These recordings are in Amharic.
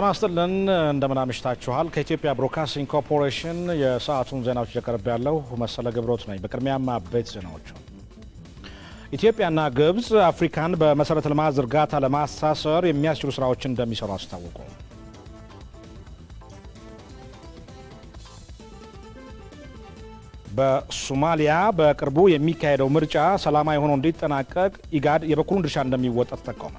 ጤና ይስጥልን እንደምን አምሽታችኋል። ከኢትዮጵያ ብሮድካስቲንግ ኮርፖሬሽን የሰዓቱን ዜናዎች እያቀርብ ያለው መሰለ ግብሮት ነኝ። በቅድሚያም ማበት ዜናዎቹ ኢትዮጵያና ግብፅ አፍሪካን በመሰረተ ልማት ዝርጋታ ለማሳሰር የሚያስችሉ ስራዎችን እንደሚሰሩ አስታወቁ። በሶማሊያ በቅርቡ የሚካሄደው ምርጫ ሰላማዊ ሆኖ እንዲጠናቀቅ ኢጋድ የበኩሉን ድርሻ እንደሚወጣ ተጠቆመ።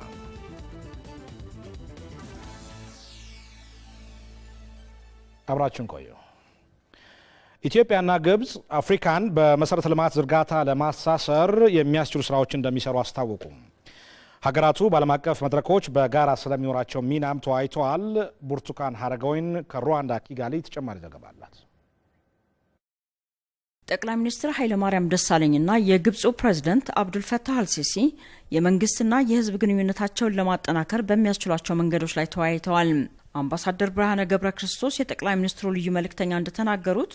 አብራችን ቆዩ። ኢትዮጵያና ግብጽ አፍሪካን በመሰረተ ልማት ዝርጋታ ለማሳሰር የሚያስችሉ ስራዎች እንደሚሰሩ አስታወቁ። ሀገራቱ በዓለም አቀፍ መድረኮች በጋራ ስለሚኖራቸው ሚናም ተወያይተዋል። ብርቱካን ሀረጋወይን ከሩዋንዳ ኪጋሊ ተጨማሪ ዘገባ አላት። ጠቅላይ ሚኒስትር ኃይለማርያም ደሳለኝና የግብፁ ፕሬዝደንት አብዱልፈታህ አልሲሲ የመንግስትና የህዝብ ግንኙነታቸውን ለማጠናከር በሚያስችሏቸው መንገዶች ላይ ተወያይተዋል። አምባሳደር ብርሃነ ገብረ ክርስቶስ የጠቅላይ ሚኒስትሩ ልዩ መልእክተኛ እንደተናገሩት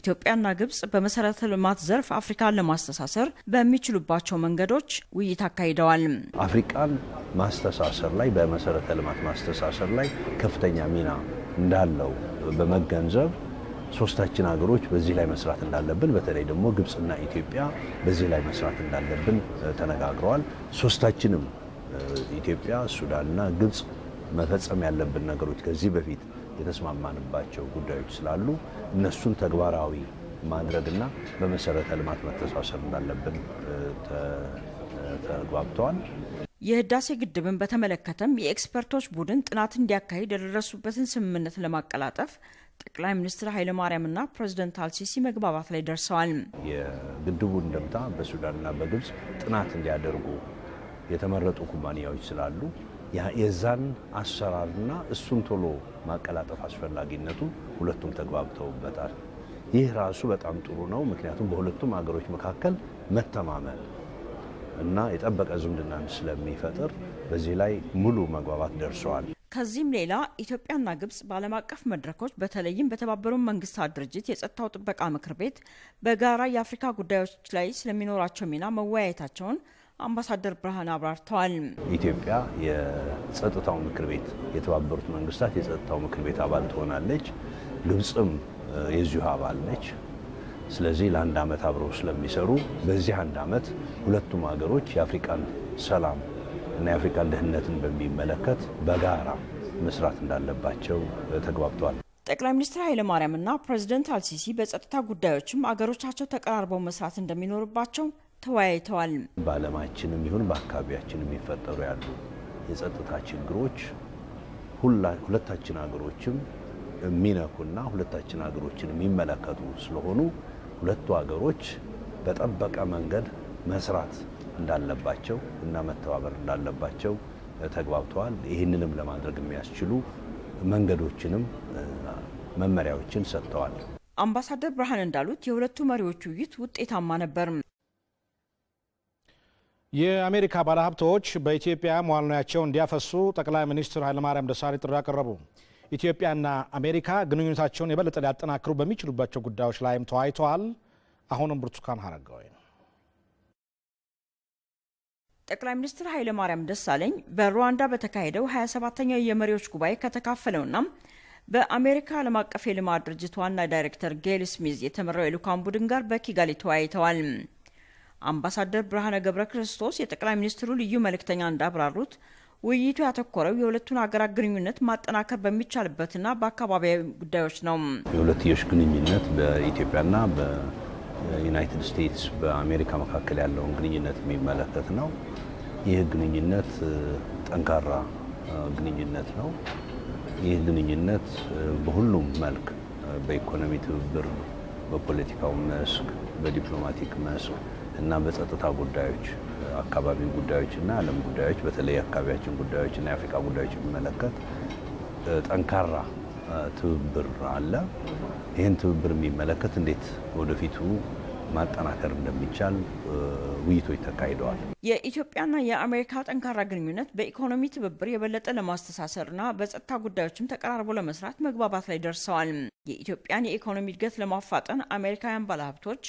ኢትዮጵያና ግብጽ በመሰረተ ልማት ዘርፍ አፍሪካን ለማስተሳሰር በሚችሉባቸው መንገዶች ውይይት አካሂደዋል። አፍሪካን ማስተሳሰር ላይ በመሰረተ ልማት ማስተሳሰር ላይ ከፍተኛ ሚና እንዳለው በመገንዘብ ሶስታችን ሀገሮች በዚህ ላይ መስራት እንዳለብን በተለይ ደግሞ ግብጽና ኢትዮጵያ በዚህ ላይ መስራት እንዳለብን ተነጋግረዋል። ሶስታችንም ኢትዮጵያ፣ ሱዳንና ግብጽ መፈጸም ያለብን ነገሮች ከዚህ በፊት የተስማማንባቸው ጉዳዮች ስላሉ እነሱን ተግባራዊ ማድረግና በመሰረተ ልማት መተሳሰብ እንዳለብን ተግባብተዋል። የህዳሴ ግድብን በተመለከተም የኤክስፐርቶች ቡድን ጥናት እንዲያካሂድ የደረሱበትን ስምምነት ለማቀላጠፍ ጠቅላይ ሚኒስትር ኃይለማርያምና ፕሬዚደንት አልሲሲ መግባባት ላይ ደርሰዋል። የግድቡ እንደምታ በሱዳንና በግብጽ ጥናት እንዲያደርጉ የተመረጡ ኩባንያዎች ስላሉ የዛን አሰራርና እሱን ቶሎ ማቀላጠፍ አስፈላጊነቱ ሁለቱም ተግባብተውበታል። ይህ ራሱ በጣም ጥሩ ነው። ምክንያቱም በሁለቱም ሀገሮች መካከል መተማመን እና የጠበቀ ዝምድናን ስለሚፈጥር በዚህ ላይ ሙሉ መግባባት ደርሰዋል። ከዚህም ሌላ ኢትዮጵያና ግብጽ በዓለም አቀፍ መድረኮች በተለይም በተባበሩ መንግስታት ድርጅት የጸጥታው ጥበቃ ምክር ቤት በጋራ የአፍሪካ ጉዳዮች ላይ ስለሚኖራቸው ሚና መወያየታቸውን አምባሳደር ብርሃን አብራርተዋል። ኢትዮጵያ የጸጥታው ምክር ቤት የተባበሩት መንግስታት የጸጥታው ምክር ቤት አባል ትሆናለች። ግብፅም የዚሁ አባል ነች። ስለዚህ ለአንድ ዓመት አብረው ስለሚሰሩ በዚህ አንድ ዓመት ሁለቱም ሀገሮች የአፍሪቃን ሰላም እና የአፍሪቃን ደህንነትን በሚመለከት በጋራ መስራት እንዳለባቸው ተግባብተዋል። ጠቅላይ ሚኒስትር እና ፕሬዚደንት አልሲሲ በጸጥታ ጉዳዮችም አገሮቻቸው ተቀራርበው መስራት እንደሚኖርባቸው ተወያይተዋል። በዓለማችንም ይሁን በአካባቢያችን የሚፈጠሩ ያሉ የጸጥታ ችግሮች ሁለታችን ሀገሮችም የሚነኩና ሁለታችን ሀገሮችን የሚመለከቱ ስለሆኑ ሁለቱ ሀገሮች በጠበቀ መንገድ መስራት እንዳለባቸው እና መተባበር እንዳለባቸው ተግባብተዋል። ይህንንም ለማድረግ የሚያስችሉ መንገዶችንም መመሪያዎችን ሰጥተዋል። አምባሳደር ብርሃን እንዳሉት የሁለቱ መሪዎች ውይይት ውጤታማ ነበርም። የአሜሪካ ባለሀብቶች በኢትዮጵያ መዋዕለ ንዋያቸውን እንዲያፈሱ ጠቅላይ ሚኒስትር ኃይለማርያም ደሳለኝ ጥሪ አቀረቡ። ኢትዮጵያና አሜሪካ ግንኙነታቸውን የበለጠ ሊያጠናክሩ በሚችሉባቸው ጉዳዮች ላይም ተወያይተዋል። አሁንም ብርቱካን አረጋዊ ነው። ጠቅላይ ሚኒስትር ኃይለማርያም ደሳለኝ በሩዋንዳ በተካሄደው 27ተኛው የመሪዎች ጉባኤ ከተካፈለውና በአሜሪካ ዓለም አቀፍ የልማት ድርጅት ዋና ዳይሬክተር ጌል ስሚዝ የተመራው የልዑካን ቡድን ጋር በኪጋሊ ተወያይተዋል። አምባሳደር ብርሃነ ገብረ ክርስቶስ የጠቅላይ ሚኒስትሩ ልዩ መልእክተኛ እንዳብራሩት ውይይቱ ያተኮረው የሁለቱን ሀገራት ግንኙነት ማጠናከር በሚቻልበትና በአካባቢያዊ ጉዳዮች ነው። የሁለትዮሽ ግንኙነት በኢትዮጵያና በዩናይትድ ስቴትስ በአሜሪካ መካከል ያለውን ግንኙነት የሚመለከት ነው። ይህ ግንኙነት ጠንካራ ግንኙነት ነው። ይህ ግንኙነት በሁሉም መልክ በኢኮኖሚ ትብብር፣ በፖለቲካው መስክ፣ በዲፕሎማቲክ መስክ እና በጸጥታ ጉዳዮች፣ አካባቢ ጉዳዮች እና ዓለም ጉዳዮች በተለይ አካባቢያችን ጉዳዮች እና የአፍሪካ ጉዳዮች የሚመለከት ጠንካራ ትብብር አለ። ይህን ትብብር የሚመለከት እንዴት ወደፊቱ ማጠናከር እንደሚቻል ውይይቶች ተካሂደዋል። የኢትዮጵያና የአሜሪካ ጠንካራ ግንኙነት በኢኮኖሚ ትብብር የበለጠ ለማስተሳሰርና በጸጥታ ጉዳዮችም ተቀራርቦ ለመስራት መግባባት ላይ ደርሰዋል። የኢትዮጵያን የኢኮኖሚ እድገት ለማፋጠን አሜሪካውያን ባለሀብቶች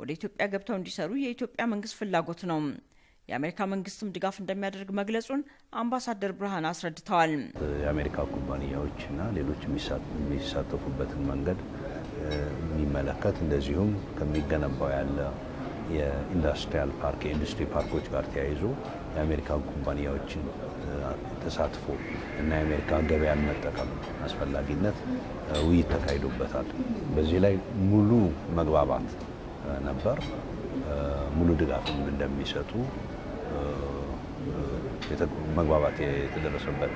ወደ ኢትዮጵያ ገብተው እንዲሰሩ የኢትዮጵያ መንግስት ፍላጎት ነው። የአሜሪካ መንግስትም ድጋፍ እንደሚያደርግ መግለጹን አምባሳደር ብርሃን አስረድተዋል። የአሜሪካ ኩባንያዎችና ሌሎች የሚሳተፉበትን መንገድ የሚመለከት እንደዚሁም ከሚገነባው ያለ የኢንዱስትሪያል ፓርክ የኢንዱስትሪ ፓርኮች ጋር ተያይዞ የአሜሪካ ኩባንያዎችን ተሳትፎ እና የአሜሪካ ገበያን መጠቀም አስፈላጊነት ውይይት ተካሂዶበታል። በዚህ ላይ ሙሉ መግባባት ነበር። ሙሉ ድጋፍም እንደሚሰጡ መግባባት የተደረሰበት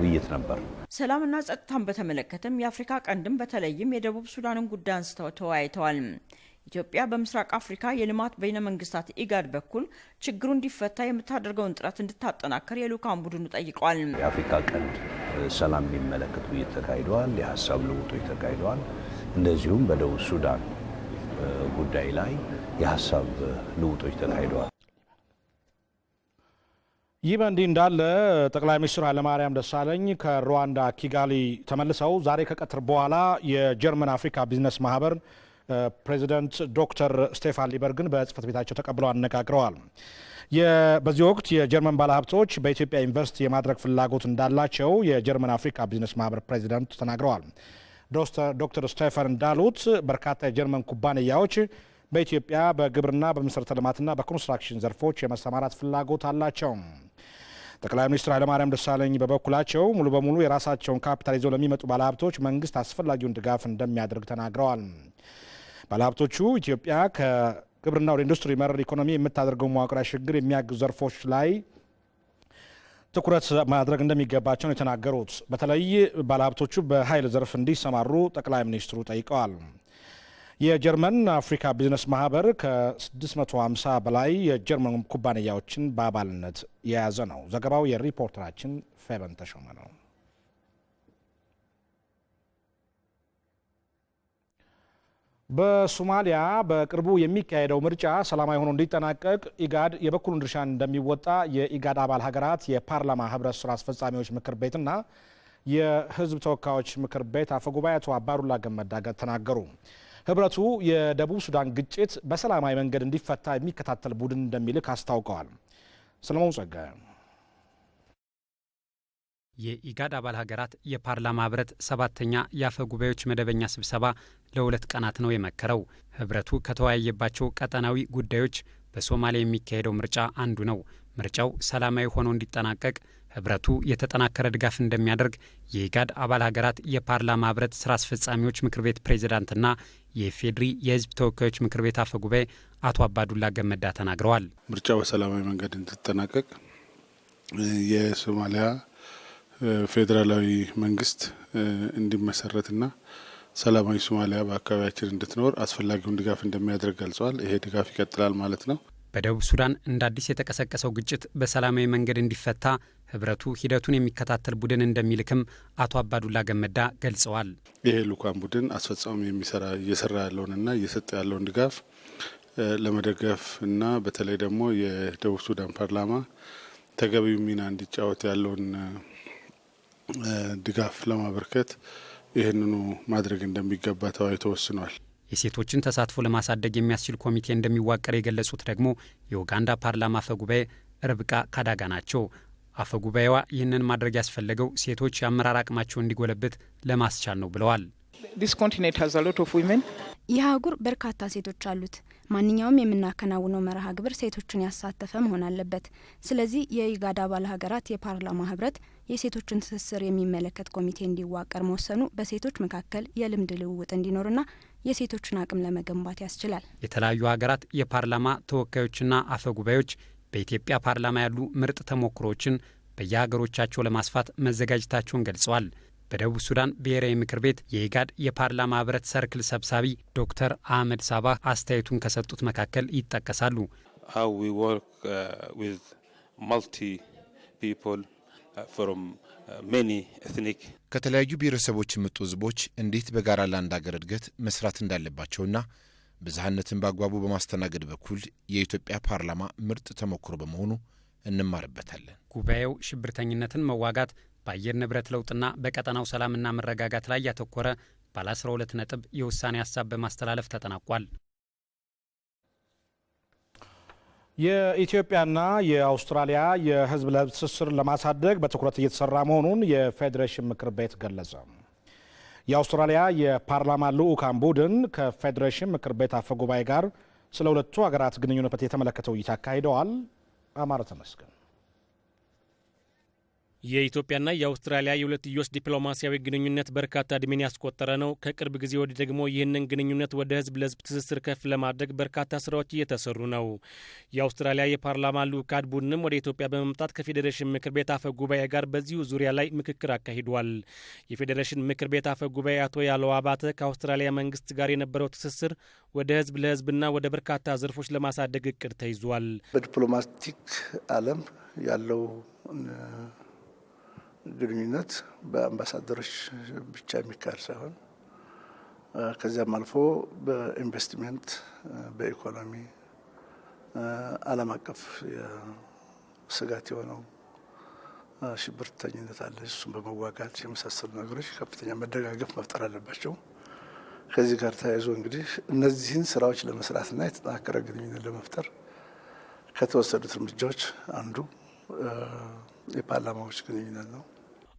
ውይይት ነበር። ሰላምና ጸጥታን በተመለከተም የአፍሪካ ቀንድም በተለይም የደቡብ ሱዳንን ጉዳይ አንስተው ተወያይተዋል። ኢትዮጵያ በምስራቅ አፍሪካ የልማት በይነ መንግስታት ኢጋድ በኩል ችግሩ እንዲፈታ የምታደርገውን ጥረት እንድታጠናከር የልዑካን ቡድኑ ጠይቋል። የአፍሪካ ቀንድ ሰላም የሚመለከት ውይይት ተካሂደዋል። የሀሳብ ልውጦች ተካሂደዋል። እንደዚሁም በደቡብ ሱዳን ጉዳይ ላይ የሀሳብ ልውጦች ተካሂደዋል። ይህ በእንዲህ እንዳለ ጠቅላይ ሚኒስትር ኃይለማርያም ደሳለኝ ከሩዋንዳ ኪጋሊ ተመልሰው ዛሬ ከቀትር በኋላ የጀርመን አፍሪካ ቢዝነስ ማህበር ፕሬዚደንት ዶክተር ስቴፋን ሊበርግን በጽህፈት ቤታቸው ተቀብለው አነጋግረዋል። በዚህ ወቅት የጀርመን ባለሀብቶች በኢትዮጵያ ኢንቨስት የማድረግ ፍላጎት እንዳላቸው የጀርመን አፍሪካ ቢዝነስ ማህበር ፕሬዚደንት ተናግረዋል። ዶክተር ስቴፈን እንዳሉት በርካታ የጀርመን ኩባንያዎች በኢትዮጵያ በግብርና በመሰረተ ልማትና በኮንስትራክሽን ዘርፎች የመሰማራት ፍላጎት አላቸው። ጠቅላይ ሚኒስትር ኃይለማርያም ደሳለኝ በበኩላቸው ሙሉ በሙሉ የራሳቸውን ካፒታል ይዘው ለሚመጡ ባለሀብቶች መንግስት አስፈላጊውን ድጋፍ እንደሚያደርግ ተናግረዋል። ባለሀብቶቹ ኢትዮጵያ ከግብርና ወደ ኢንዱስትሪ መር ኢኮኖሚ የምታደርገው መዋቅራዊ ሽግግር የሚያግዙ ዘርፎች ላይ ትኩረት ማድረግ እንደሚገባቸው የተናገሩት። በተለይ ባለሀብቶቹ በኃይል ዘርፍ እንዲሰማሩ ጠቅላይ ሚኒስትሩ ጠይቀዋል። የጀርመን አፍሪካ ቢዝነስ ማህበር ከ650 በላይ የጀርመን ኩባንያዎችን በአባልነት የያዘ ነው። ዘገባው የሪፖርተራችን ፌበን ተሾመ ነው። በሶማሊያ በቅርቡ የሚካሄደው ምርጫ ሰላማዊ ሆኖ እንዲጠናቀቅ ኢጋድ የበኩሉን ድርሻ እንደሚወጣ የኢጋድ አባል ሀገራት የፓርላማ ህብረት ስራ አስፈጻሚዎች ምክር ቤትና የህዝብ ተወካዮች ምክር ቤት አፈጉባኤ አቶ አባዱላ ገመዳ ተናገሩ። ህብረቱ የደቡብ ሱዳን ግጭት በሰላማዊ መንገድ እንዲፈታ የሚከታተል ቡድን እንደሚልክ አስታውቀዋል። ሰለሞን ጸጋ የኢጋድ አባል ሀገራት የፓርላማ ህብረት ሰባተኛ የአፈ ጉባኤዎች መደበኛ ስብሰባ ለሁለት ቀናት ነው የመከረው። ህብረቱ ከተወያየባቸው ቀጠናዊ ጉዳዮች በሶማሊያ የሚካሄደው ምርጫ አንዱ ነው። ምርጫው ሰላማዊ ሆኖ እንዲጠናቀቅ ህብረቱ የተጠናከረ ድጋፍ እንደሚያደርግ የኢጋድ አባል ሀገራት የፓርላማ ህብረት ስራ አስፈጻሚዎች ምክር ቤት ፕሬዚዳንትና የፌድሪ የህዝብ ተወካዮች ምክር ቤት አፈ ጉባኤ አቶ አባዱላ ገመዳ ተናግረዋል። ምርጫው በሰላማዊ መንገድ እንዲጠናቀቅ የሶማሊያ ፌዴራላዊ መንግስት እንዲመሰረትና ሰላማዊ ሶማሊያ በአካባቢያችን እንድትኖር አስፈላጊውን ድጋፍ እንደሚያደርግ ገልጸዋል። ይሄ ድጋፍ ይቀጥላል ማለት ነው። በደቡብ ሱዳን እንደ አዲስ የተቀሰቀሰው ግጭት በሰላማዊ መንገድ እንዲፈታ ህብረቱ ሂደቱን የሚከታተል ቡድን እንደሚልክም አቶ አባዱላ ገመዳ ገልጸዋል። ይሄ ልኡካን ቡድን አስፈጻሚ የሚሰራ እየሰራ ያለውንና እየሰጠ ያለውን ድጋፍ ለመደገፍ እና በተለይ ደግሞ የደቡብ ሱዳን ፓርላማ ተገቢው ሚና እንዲጫወት ያለውን ድጋፍ ለማበርከት ይህንኑ ማድረግ እንደሚገባ ተወያይቶ ወስኗል። የሴቶችን ተሳትፎ ለማሳደግ የሚያስችል ኮሚቴ እንደሚዋቀር የገለጹት ደግሞ የኡጋንዳ ፓርላማ አፈ ጉባኤ ርብቃ ካዳጋ ናቸው። አፈ ጉባኤዋ ይህንን ማድረግ ያስፈለገው ሴቶች የአመራር አቅማቸው እንዲጎለብት ለማስቻል ነው ብለዋል። የአህጉር በርካታ ሴቶች አሉት። ማንኛውም የምናከናውነው መርሃ ግብር ሴቶችን ያሳተፈ መሆን አለበት። ስለዚህ የኢጋድ አባል ሀገራት የፓርላማ ህብረት የሴቶችን ትስስር የሚመለከት ኮሚቴ እንዲዋቀር መወሰኑ በሴቶች መካከል የልምድ ልውውጥ እንዲኖርና የሴቶችን አቅም ለመገንባት ያስችላል። የተለያዩ ሀገራት የፓርላማ ተወካዮችና አፈ ጉባኤዎች በኢትዮጵያ ፓርላማ ያሉ ምርጥ ተሞክሮዎችን በየሀገሮቻቸው ለማስፋት መዘጋጀታቸውን ገልጸዋል። በደቡብ ሱዳን ብሔራዊ ምክር ቤት የኢጋድ የፓርላማ ህብረት ሰርክል ሰብሳቢ ዶክተር አህመድ ሳባ አስተያየቱን ከሰጡት መካከል ይጠቀሳሉ። uh, uh, uh, ከተለያዩ ብሔረሰቦች የመጡ ህዝቦች እንዴት በጋራ ለአንድ ሀገር እድገት መስራት እንዳለባቸውና ብዝሃነትን በአግባቡ በማስተናገድ በኩል የኢትዮጵያ ፓርላማ ምርጥ ተሞክሮ በመሆኑ እንማርበታለን። ጉባኤው ሽብርተኝነትን መዋጋት በአየር ንብረት ለውጥና በቀጠናው ሰላምና መረጋጋት ላይ ያተኮረ ባለ 12 ነጥብ የውሳኔ ሀሳብ በማስተላለፍ ተጠናቋል። የኢትዮጵያና የአውስትራሊያ የሕዝብ ለሕዝብ ትስስር ለማሳደግ በትኩረት እየተሰራ መሆኑን የፌዴሬሽን ምክር ቤት ገለጸ። የአውስትራሊያ የፓርላማ ልዑካን ቡድን ከፌዴሬሽን ምክር ቤት አፈ ጉባኤ ጋር ስለ ሁለቱ ሀገራት ግንኙነት የተመለከተ ውይይት አካሂደዋል። አማረ ተመስገን የኢትዮጵያና የአውስትራሊያ የሁለትዮሽ ዲፕሎማሲያዊ ግንኙነት በርካታ እድሜን ያስቆጠረ ነው። ከቅርብ ጊዜ ወዲህ ደግሞ ይህንን ግንኙነት ወደ ህዝብ ለህዝብ ትስስር ከፍ ለማድረግ በርካታ ስራዎች እየተሰሩ ነው። የአውስትራሊያ የፓርላማ ልዑካን ቡድንም ወደ ኢትዮጵያ በመምጣት ከፌዴሬሽን ምክር ቤት አፈ ጉባኤ ጋር በዚሁ ዙሪያ ላይ ምክክር አካሂዷል። የፌዴሬሽን ምክር ቤት አፈ ጉባኤ አቶ ያለው አባተ ከአውስትራሊያ መንግስት ጋር የነበረው ትስስር ወደ ህዝብ ለህዝብና ወደ በርካታ ዘርፎች ለማሳደግ እቅድ ተይዟል። በዲፕሎማቲክ አለም ያለው ግንኙነት በአምባሳደሮች ብቻ የሚካሄድ ሳይሆን ከዚያም አልፎ በኢንቨስትመንት በኢኮኖሚ ዓለም አቀፍ ስጋት የሆነው ሽብርተኝነት አለ። እሱን በመዋጋት የመሳሰሉ ነገሮች ከፍተኛ መደጋገፍ መፍጠር አለባቸው። ከዚህ ጋር ተያይዞ እንግዲህ እነዚህን ስራዎች ለመስራትና የተጠናከረ ግንኙነት ለመፍጠር ከተወሰዱት እርምጃዎች አንዱ የፓርላማዎች ግንኙነት ነው።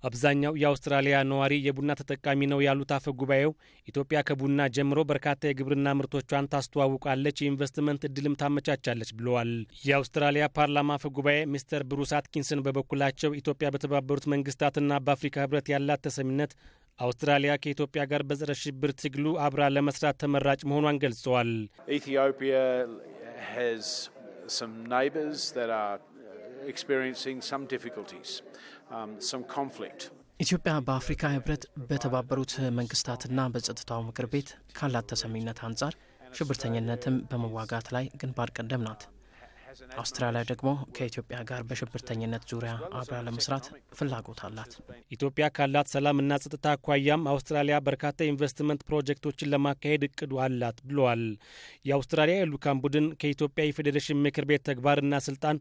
አብዛኛው የአውስትራሊያ ነዋሪ የቡና ተጠቃሚ ነው ያሉት አፈ ጉባኤው ኢትዮጵያ ከቡና ጀምሮ በርካታ የግብርና ምርቶቿን ታስተዋውቃለች፣ የኢንቨስትመንት እድልም ታመቻቻለች ብለዋል። የአውስትራሊያ ፓርላማ አፈ ጉባኤ ሚስተር ብሩስ አትኪንሰን በበኩላቸው ኢትዮጵያ በተባበሩት መንግስታትና በአፍሪካ ህብረት ያላት ተሰሚነት አውስትራሊያ ከኢትዮጵያ ጋር በጸረ ሽብር ትግሉ አብራ ለመስራት ተመራጭ መሆኗን ገልጸዋል። Um, ኢትዮጵያ በአፍሪካ ህብረት በተባበሩት መንግስታትና በጸጥታው ምክር ቤት ካላት ተሰሚነት አንጻር ሽብርተኝነትም በመዋጋት ላይ ግንባር ቀደም ናት። አውስትራሊያ ደግሞ ከኢትዮጵያ ጋር በሽብርተኝነት ዙሪያ አብራ ለመስራት ፍላጎት አላት። ኢትዮጵያ ካላት ሰላምና ጸጥታ አኳያም አውስትራሊያ በርካታ ኢንቨስትመንት ፕሮጀክቶችን ለማካሄድ እቅዱ አላት ብለዋል። የአውስትራሊያ የልኡካን ቡድን ከኢትዮጵያ የፌዴሬሽን ምክር ቤት ተግባርና ስልጣን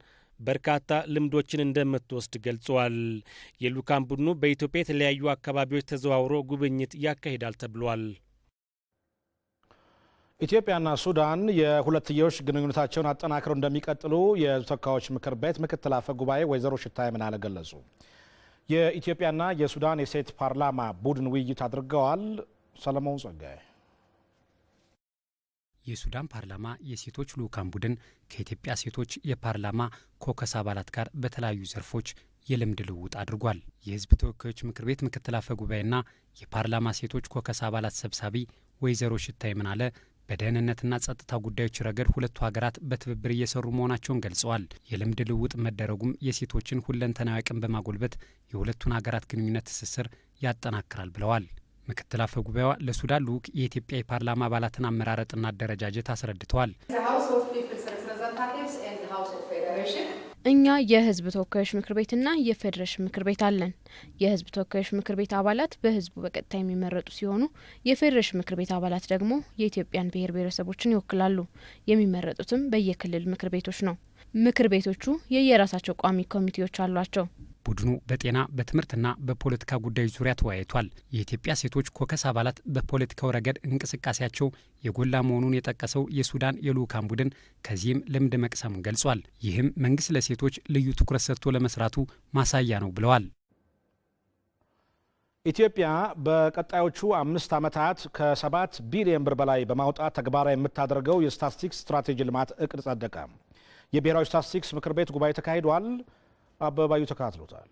በርካታ ልምዶችን እንደምትወስድ ገልጸዋል። የልዑካን ቡድኑ በኢትዮጵያ የተለያዩ አካባቢዎች ተዘዋውሮ ጉብኝት ያካሂዳል ተብሏል። ኢትዮጵያና ሱዳን የሁለትዮሽ ግንኙነታቸውን አጠናክረው እንደሚቀጥሉ የሕዝብ ምክር ቤት ምክትል አፈ ጉባኤ ወይዘሮ ሽታዬ ምናለ ገለጹ። የኢትዮጵያና የሱዳን የሴት ፓርላማ ቡድን ውይይት አድርገዋል። ሰለሞን ጸጋዬ የሱዳን ፓርላማ የሴቶች ልዑካን ቡድን ከኢትዮጵያ ሴቶች የፓርላማ ኮከስ አባላት ጋር በተለያዩ ዘርፎች የልምድ ልውውጥ አድርጓል። የህዝብ ተወካዮች ምክር ቤት ምክትል አፈ ጉባኤና የፓርላማ ሴቶች ኮከስ አባላት ሰብሳቢ ወይዘሮ ሽታይ ምናለ በደህንነትና ጸጥታ ጉዳዮች ረገድ ሁለቱ ሀገራት በትብብር እየሰሩ መሆናቸውን ገልጸዋል። የልምድ ልውውጥ መደረጉም የሴቶችን ሁለንተናዊ አቅም በማጎልበት የሁለቱን ሀገራት ግንኙነት ትስስር ያጠናክራል ብለዋል። ምክትል አፈ ጉባኤዋ ለሱዳን ልዑክ የኢትዮጵያ የፓርላማ አባላትን አመራረጥና አደረጃጀት አስረድተዋል። እኛ የህዝብ ተወካዮች ምክር ቤትና የፌዴሬሽን ምክር ቤት አለን። የህዝብ ተወካዮች ምክር ቤት አባላት በህዝቡ በቀጥታ የሚመረጡ ሲሆኑ የፌዴሬሽን ምክር ቤት አባላት ደግሞ የኢትዮጵያን ብሔር ብሔረሰቦችን ይወክላሉ። የሚመረጡትም በየክልል ምክር ቤቶች ነው። ምክር ቤቶቹ የየራሳቸው ቋሚ ኮሚቴዎች አሏቸው። ቡድኑ በጤና በትምህርትና በፖለቲካ ጉዳዮች ዙሪያ ተወያይቷል። የኢትዮጵያ ሴቶች ኮከስ አባላት በፖለቲካው ረገድ እንቅስቃሴያቸው የጎላ መሆኑን የጠቀሰው የሱዳን የልዑካን ቡድን ከዚህም ልምድ መቅሰሙን ገልጿል። ይህም መንግስት ለሴቶች ልዩ ትኩረት ሰጥቶ ለመስራቱ ማሳያ ነው ብለዋል። ኢትዮጵያ በቀጣዮቹ አምስት ዓመታት ከሰባት ቢሊዮን ብር በላይ በማውጣት ተግባራዊ የምታደርገው የስታትስቲክስ ስትራቴጂ ልማት እቅድ ጸደቀ። የብሔራዊ ስታትስቲክስ ምክር ቤት ጉባኤ ተካሂዷል። አበባዩ ተካትሎታል።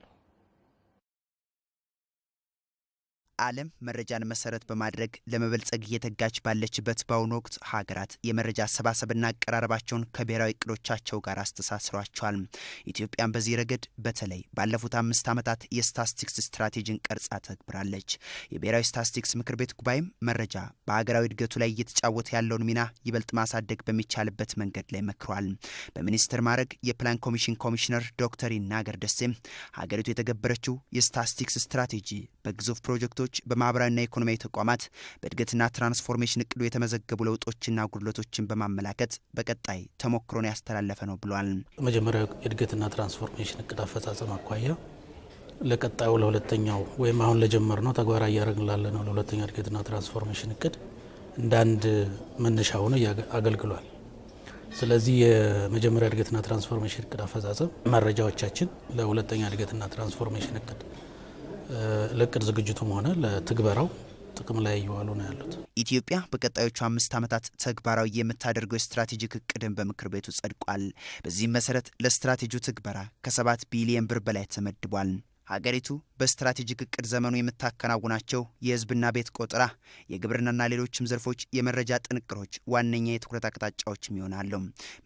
ዓለም መረጃን መሰረት በማድረግ ለመበልጸግ እየተጋች ባለችበት በአሁኑ ወቅት ሀገራት የመረጃ አሰባሰብና አቀራረባቸውን ከብሔራዊ እቅዶቻቸው ጋር አስተሳስሯቸዋል። ኢትዮጵያን በዚህ ረገድ በተለይ ባለፉት አምስት ዓመታት የስታስቲክስ ስትራቴጂን ቀርጻ ተግብራለች። የብሔራዊ ስታስቲክስ ምክር ቤት ጉባኤም መረጃ በሀገራዊ እድገቱ ላይ እየተጫወተ ያለውን ሚና ይበልጥ ማሳደግ በሚቻልበት መንገድ ላይ መክሯል። በሚኒስትር ማዕረግ የፕላን ኮሚሽን ኮሚሽነር ዶክተር ይናገር ደሴም ሀገሪቱ የተገበረችው የስታስቲክስ ስትራቴጂ በግዙፍ ፕሮጀክቶች ፖሊሲዎች በማህበራዊና ኢኮኖሚያዊ ተቋማት በእድገትና ትራንስፎርሜሽን እቅዱ የተመዘገቡ ለውጦችና ጉድለቶችን በማመላከት በቀጣይ ተሞክሮን ያስተላለፈ ነው ብሏል። መጀመሪያ የእድገትና ትራንስፎርሜሽን እቅድ አፈጻጸም አኳያ ለቀጣዩ ለሁለተኛው ወይም አሁን ለጀመር ነው ተግባራዊ እያደረግን ነው ለሁለተኛ እድገትና ትራንስፎርሜሽን እቅድ እንደ አንድ መነሻ ሆኖ አገልግሏል። ስለዚህ የመጀመሪያ እድገትና ትራንስፎርሜሽን እቅድ አፈጻጸም መረጃዎቻችን ለሁለተኛ እድገትና ትራንስፎርሜሽን እቅድ ለእቅድ ዝግጅቱም ሆነ ለትግበራው ጥቅም ላይ እየዋሉ ነው ያሉት። ኢትዮጵያ በቀጣዮቹ አምስት ዓመታት ተግባራዊ የምታደርገው የስትራቴጂክ እቅድን በምክር ቤቱ ጸድቋል። በዚህም መሰረት ለስትራቴጂው ትግበራ ከሰባት ቢሊየን ብር በላይ ተመድቧል። ሀገሪቱ በስትራቴጂክ እቅድ ዘመኑ የምታከናውናቸው የህዝብና ቤት ቆጠራ፣ የግብርናና ሌሎችም ዘርፎች የመረጃ ጥንቅሮች ዋነኛ የትኩረት አቅጣጫዎችም ይሆናሉ።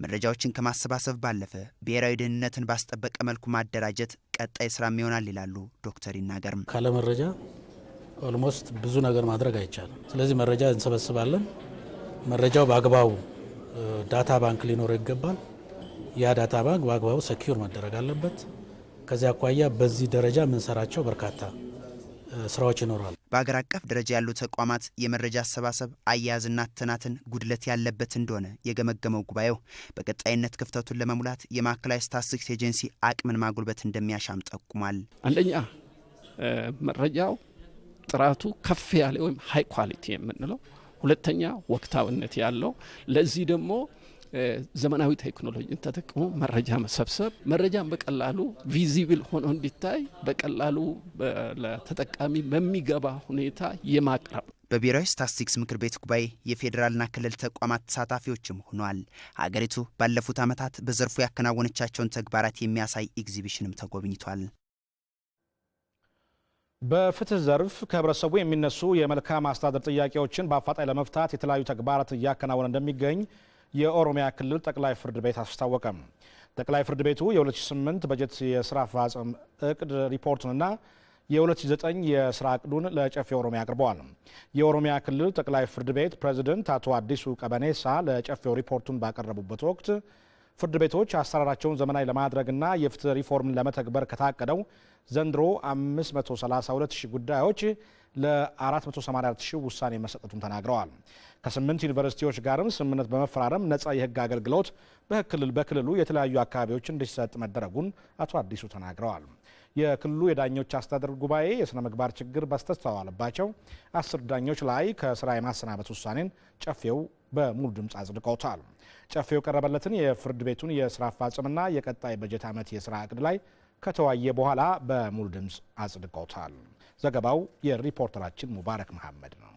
መረጃዎችን ከማሰባሰብ ባለፈ ብሔራዊ ደህንነትን ባስጠበቀ መልኩ ማደራጀት ቀጣይ ስራም ይሆናል ይላሉ ዶክተር ይናገርም። ካለ መረጃ ኦልሞስት ብዙ ነገር ማድረግ አይቻልም። ስለዚህ መረጃ እንሰበስባለን። መረጃው በአግባቡ ዳታ ባንክ ሊኖረው ይገባል። ያ ዳታ ባንክ በአግባቡ ሰኪዩር መደረግ አለበት። ከዚህ አኳያ በዚህ ደረጃ የምንሰራቸው በርካታ ስራዎች ይኖራሉ። በአገር አቀፍ ደረጃ ያሉ ተቋማት የመረጃ አሰባሰብ አያያዝና ትናትን ጉድለት ያለበት እንደሆነ የገመገመው ጉባኤው በቀጣይነት ክፍተቱን ለመሙላት የማዕከላዊ ስታትስቲክስ ኤጀንሲ አቅምን ማጉልበት እንደሚያሻም ጠቁሟል። አንደኛ መረጃው ጥራቱ ከፍ ያለ ወይም ሀይ ኳሊቲ የምንለው፣ ሁለተኛ ወቅታዊነት ያለው ለዚህ ደግሞ ዘመናዊ ቴክኖሎጂን ተጠቅሞ መረጃ መሰብሰብ መረጃን በቀላሉ ቪዚብል ሆኖ እንዲታይ በቀላሉ ለተጠቃሚ በሚገባ ሁኔታ የማቅረብ በብሔራዊ ስታስቲክስ ምክር ቤት ጉባኤ የፌዴራልና ክልል ተቋማት ተሳታፊዎችም ሆኗል። ሀገሪቱ ባለፉት ዓመታት በዘርፉ ያከናወነቻቸውን ተግባራት የሚያሳይ ኤግዚቢሽንም ተጎብኝቷል። በፍትህ ዘርፍ ከህብረተሰቡ የሚነሱ የመልካም አስተዳደር ጥያቄዎችን በአፋጣኝ ለመፍታት የተለያዩ ተግባራት እያከናወነ እንደሚገኝ የኦሮሚያ ክልል ጠቅላይ ፍርድ ቤት አስታወቀ። ጠቅላይ ፍርድ ቤቱ የ2008 በጀት የስራ አፈጻጸም እቅድ ሪፖርቱንና የ2009 የስራ እቅዱን ለጨፌ ኦሮሚያ አቅርበዋል። የኦሮሚያ ክልል ጠቅላይ ፍርድ ቤት ፕሬዝደንት አቶ አዲሱ ቀበኔሳ ለጨፌው ሪፖርቱን ባቀረቡበት ወቅት ፍርድ ቤቶች አሰራራቸውን ዘመናዊ ለማድረግና የፍትህ ሪፎርምን ለመተግበር ከታቀደው ዘንድሮ 532 ሺህ ጉዳዮች ለ484 ሺህ ውሳኔ መሰጠቱን ተናግረዋል። ከስምንት ዩኒቨርሲቲዎች ጋርም ስምምነት በመፈራረም ነፃ የህግ አገልግሎት በክልሉ የተለያዩ አካባቢዎች እንዲሰጥ መደረጉን አቶ አዲሱ ተናግረዋል። የክልሉ የዳኞች አስተዳደር ጉባኤ የሥነ ምግባር ችግር በስተስተዋለባቸው አስር ዳኞች ላይ ከስራ የማሰናበት ውሳኔን ጨፌው በሙሉ ድምፅ አጽድቀውታል። ጨፌው የቀረበለትን የፍርድ ቤቱን የስራ አፋጽምና የቀጣይ በጀት ዓመት የስራ እቅድ ላይ ከተወያየ በኋላ በሙሉ ድምፅ አጽድቀውታል። ዘገባው የሪፖርተራችን ሙባረክ መሐመድ ነው።